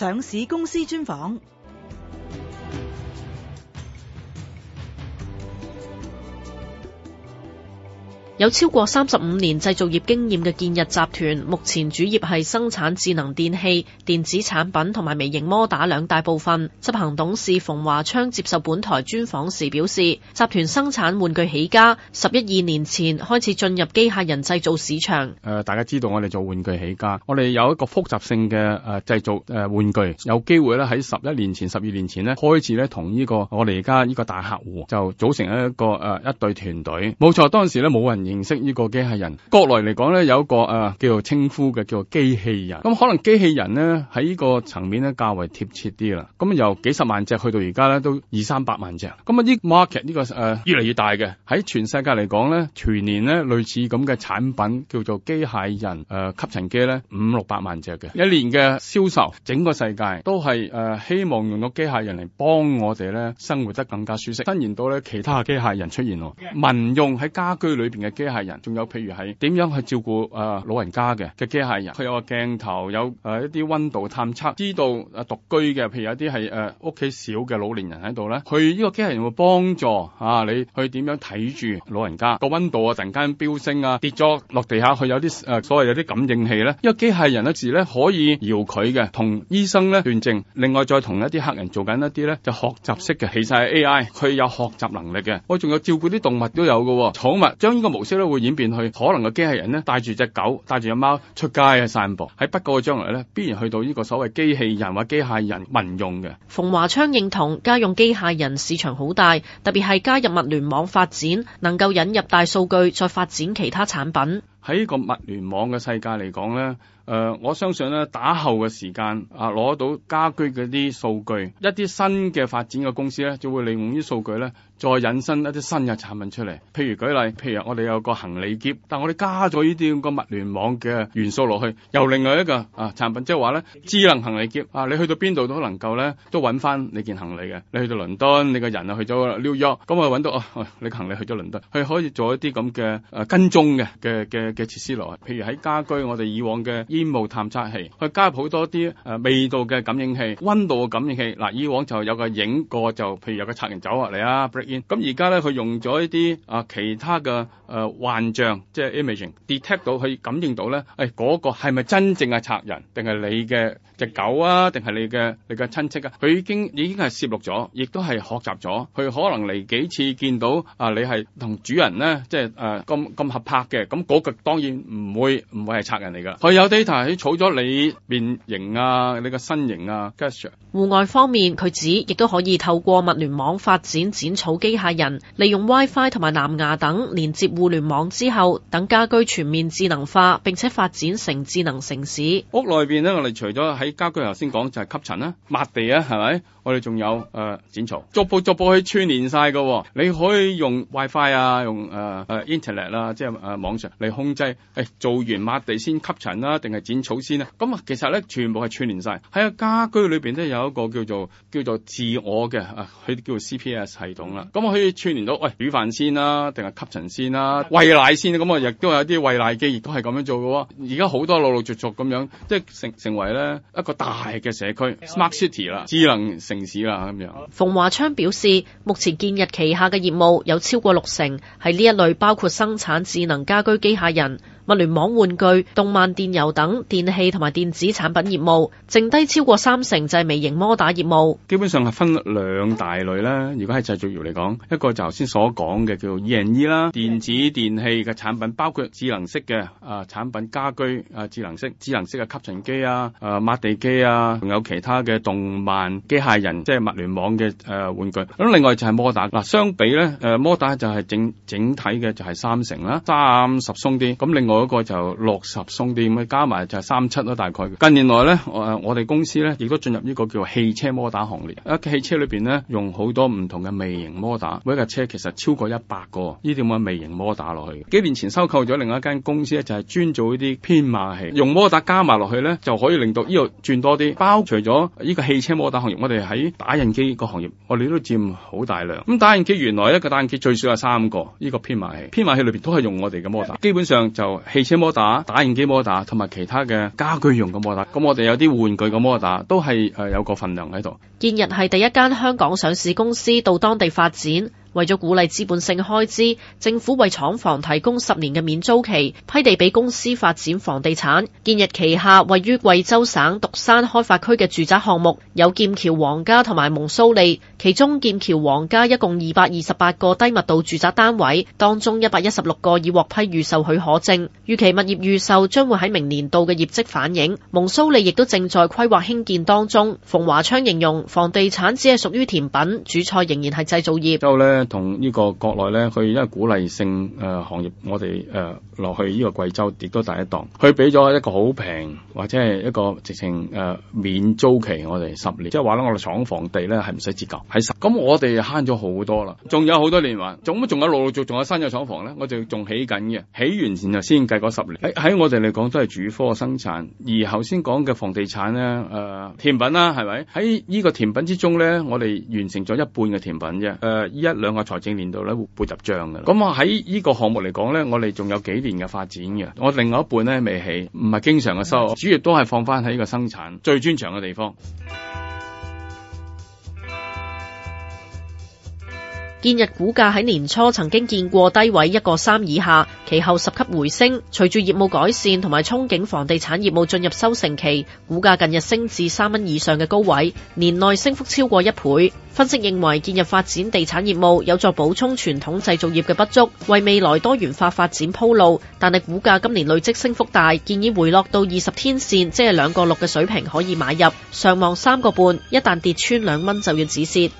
上市公司專訪。有超過三十五年製造業經驗嘅建溢集團，目前主業係生產智能電器、電子產品同埋微型摩打兩大部分。執行董事馮華昌接受本台專訪時表示，集團生產玩具起家，十一二年前開始進入機械人製造市場。誒、呃，大家知道我哋做玩具起家，我哋有一個複雜性嘅誒、呃、製造誒、呃、玩具，有機會咧喺十一年前、十二年前咧開始咧同呢個我哋而家呢個大客戶就組成一個誒、呃、一隊團隊。冇錯，當時呢冇人。認識呢個機械人，國內嚟講咧有一個誒、呃、叫做稱呼嘅叫做機器人，咁、嗯、可能機器人咧喺呢個層面咧較為貼切啲啦。咁、嗯、由幾十萬隻去到而家咧都二三百萬隻，咁啊啲 market 呢、這個誒、呃、越嚟越大嘅，喺全世界嚟講咧全年咧類似咁嘅產品叫做機械人誒、呃、吸塵機咧五六百萬隻嘅一年嘅銷售，整個世界都係誒、呃、希望用個機械人嚟幫我哋咧生活得更加舒適，伸延到咧其他嘅機械人出現，民用喺家居裏邊嘅。機、呃、械人，仲有譬如係點樣去照顧誒老人家嘅嘅機械人，佢有個鏡頭，有誒、呃、一啲溫度探測，知道誒獨居嘅，譬如有啲係誒屋企少嘅老年人喺度咧，佢呢個機械人會幫助啊你去點樣睇住老人家個溫度啊，突然間飆升啊，跌咗落地下，佢有啲誒、呃、所謂有啲感應器咧，呢個機械人嘅時咧可以搖佢嘅，同醫生咧斷症，另外再同一啲客人做緊一啲咧就學習式嘅，其實係 AI，佢有學習能力嘅，我、哦、仲有照顧啲動物都有嘅、哦，寵物將呢個模式呢會演變去可能嘅機械人呢帶住隻狗，帶住隻貓出街去散步，喺不過嘅將來呢，必然去到呢個所謂機器人或機械人民用嘅。馮華昌認同家用機械人市場好大，特別係加入物聯網發展，能夠引入大數據再發展其他產品。喺呢個物聯網嘅世界嚟講咧，誒、呃，我相信咧打後嘅時間啊，攞到家居嗰啲數據，一啲新嘅發展嘅公司咧，就會利用呢啲數據咧，再引申一啲新嘅產品出嚟。譬如舉例，譬如我哋有個行李喼，但係我哋加咗呢啲咁嘅物聯網嘅元素落去，由另外一個啊產品即係話咧，智能行李喼啊，你去到邊度都能夠咧都揾翻你件行李嘅。你去到倫敦，你個人去咗紐約，咁我哋揾到哦、啊，你行李去咗倫敦，佢可以做一啲咁嘅誒跟蹤嘅嘅嘅。嘅設施落，譬如喺家居，我哋以往嘅煙霧探測器，佢加入好多啲誒、呃、味道嘅感應器、溫度嘅感應器。嗱，以往就有個影過就，就譬如有個賊人走落嚟啊，break in。咁而家咧，佢用咗一啲啊、呃、其他嘅誒、呃、幻象，即係 imaging detect 到去感應到咧，誒、哎、嗰、那個係咪真正嘅賊人，定係你嘅隻狗啊，定係你嘅你嘅親戚啊？佢已經已經係攝錄咗，亦都係學習咗。佢可能嚟幾次見到啊、呃，你係同主人咧，即係誒咁咁合拍嘅，咁、嗯、嗰、嗰個。當然唔會唔會係賊人嚟㗎，佢有 data 喺儲咗你面型啊，你個身形啊 gesture。戶外方面，佢指亦都可以透過物聯網發展剪草機械人，利用 WiFi 同埋藍牙等連接互聯網之後，等家居全面智能化，並且發展成智能城市。屋內邊咧，我哋除咗喺家居頭先講就係吸塵啦、抹地啊，係咪？我哋仲有誒、呃、剪草，逐步逐步去串連曬嘅。你可以用 WiFi 啊，用誒、呃、Internet 啦、啊，即係誒、呃、網上嚟控制。哎、做完抹地先吸塵啦、啊，定係剪草先啊？咁、嗯、啊，其實咧全部係串聯晒，喺家居裏邊咧有一個叫做叫做自我嘅啊，佢叫做 CPS 系統啦、啊。咁、嗯、啊、嗯嗯、可以串聯到喂、哎、煮飯先啦、啊，定係吸塵先啦、啊？喂奶先咁啊亦都有啲喂奶機亦都係咁樣做嘅、哦。而家好多陸陸續續咁樣，即係成成為咧一個大嘅社區 Smart City 啦，智能城啦咁樣。馮華昌表示，目前建溢旗下嘅業務有超過六成係呢一類，包括生產智能家居機械人。物聯網玩具、動漫電遊等電器同埋電子產品業務，剩低超過三成就係微型摩打業務。基本上係分兩大類啦。如果喺製造業嚟講，一個就頭先所講嘅叫 E&E 啦，電子電器嘅產品包括智能式嘅啊產品、家居啊智能式、智能式嘅吸塵機啊、誒抹地機啊，仲有其他嘅動漫機械人，即係物聯網嘅誒、啊、玩具。咁另外就係摩打嗱、啊，相比咧誒摩打就係整整體嘅就係三成啦，三十鬆啲。咁另外嗰、那個就六十送啲咁加埋就係三七啦。大概。近年來咧、呃，我我哋公司咧亦都進入呢個叫汽車摩打行列。喺汽車裏面咧，用好多唔同嘅微型摩打，每一架車其實超過一百個呢啲咁嘅微型摩打落去。幾年前收購咗另一間公司咧，就係、是、專做呢啲編碼器，用摩打加埋落去咧，就可以令到呢度轉多啲。包括咗呢個汽車摩打行業，我哋喺打印機個行業，我哋都佔好大量。咁打印機原來一個打印機最少有三個呢、這個編碼器，編碼器裏面都係用我哋嘅摩打，基本上就。汽車摩打、打印機摩打同埋其他嘅家居用嘅摩打，咁我哋有啲玩具嘅摩打都係誒有個份量喺度。建溢係第一間香港上市公司到當地發展。為咗鼓勵資本性開支，政府為廠房提供十年嘅免租期，批地俾公司發展房地產。建溢旗下位於貴州省獨山開發區嘅住宅項目有劍橋皇家同埋蒙蘇利，其中劍橋皇家一共二百二十八個低密度住宅單位，當中一百一十六個已獲批預售許可證，預期物業預售將會喺明年度嘅業績反映。蒙蘇利亦都正在規劃興建當中。馮華昌形容房地產只係屬於甜品，主菜仍然係製造業。同呢個國內咧，佢因為鼓勵性誒、呃、行業，我哋誒落去呢個貴州跌多第一檔，佢俾咗一個好平或者係一個直情誒、呃、免租期，我哋十年，即係話咧，我哋廠房地咧係唔使折舊，喺十。咁我哋慳咗好多啦，仲有好多年還，做乜仲有陸陸續仲有新嘅廠房咧，我就仲起緊嘅，起完前就先計嗰十年。喺喺我哋嚟講都係主科生產，而頭先講嘅房地產咧誒、呃、甜品啦、啊，係咪？喺呢個甜品之中咧，我哋完成咗一半嘅甜品啫。誒、呃，一兩。我財政年度咧會背入賬噶啦，咁我喺呢個項目嚟講咧，我哋仲有幾年嘅發展嘅，我另外一半咧未起，唔係經常嘅收，主要都係放翻喺呢個生產最專長嘅地方。建溢股價喺年初曾經見過低位一個三以下，其後十級回升。隨住業務改善同埋憧憬房地產業務進入收成期，股價近日升至三蚊以上嘅高位，年內升幅超過一倍。分析認為，建溢發展地產業務有助補充傳統製造業嘅不足，為未來多元化發展鋪路。但係股價今年累積升幅大，建議回落到二十天線，即係兩個六嘅水平可以買入，上望三個半。一旦跌穿兩蚊就要止蝕。